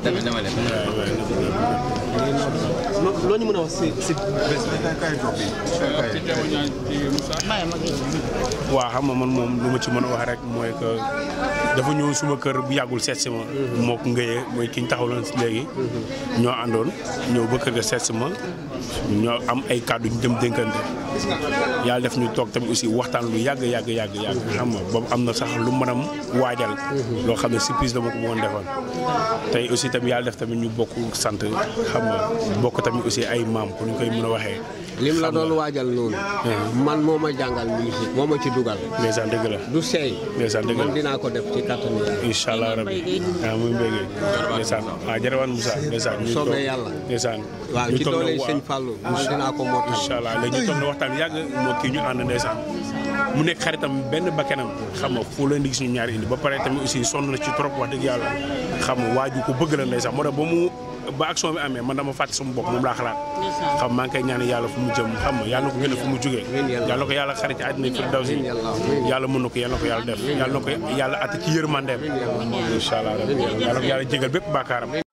tamit dama mën a xam man moom lu ma ci mën a wax rek mooy dafa ñëw suma kër bu yàggul seet si ma. moo ko ngëyee mooy ki ñu taxawaloon si léegi. ñoo àndoon ñëw ba kër ga seet si ma ñoo am ay kàddu ñu dem dénkante. yàlla def ñu toog tamit aussi waxtaan lu yàgg yàgg yàgg yàgg xam nga boobu am na sax lu mën a waajal loo xam ne surprise dama ko bëggoon defoon tey aussi tamit yàlla def tamit ñu bokk sant xam nga bokk tamit aussi ay maam pour ñu koy mën a waxee lim la doon waajal loolu man moo ma jàngal musique moo ma ci dugal ndeysaan dëgg la du seey ndeysaan dëgg la man dinaa ko def ci kattan yi incha allah rabbi waaw ah, muy mbéygee ndeysaan waaw jërëwaan Moussa ndeysaan ah, soobee yàlla ndeysaan waaw ci doole sëñ Fallou man dinaa ko motal incha allah ñu toog na waxtaan waxtaan yàgg moo kii ñu ànd ndeysaan mu nekk xaritam benn bakkanam xam nga foo leen di gis ñu ñaari indi ba pare tamit aussi sonn na ci trop wax dëgg yàlla xam waaju ko bëgg la ndeysaan moo tax ba mu ba action bi amee man dama fàtte sama bopp moom laa xalaat xam maa ngi koy ñaan yàlla fu mu jëm xam nga yàlla na ko gën a fu mu jógee yàlla ko yàlla xarit ci àddina fi daw si yàlla mën na ko yàlla def yàlla na ko yàlla atte ci yërmandeem incha yàlla na ko yàlla jégal bépp baakaaram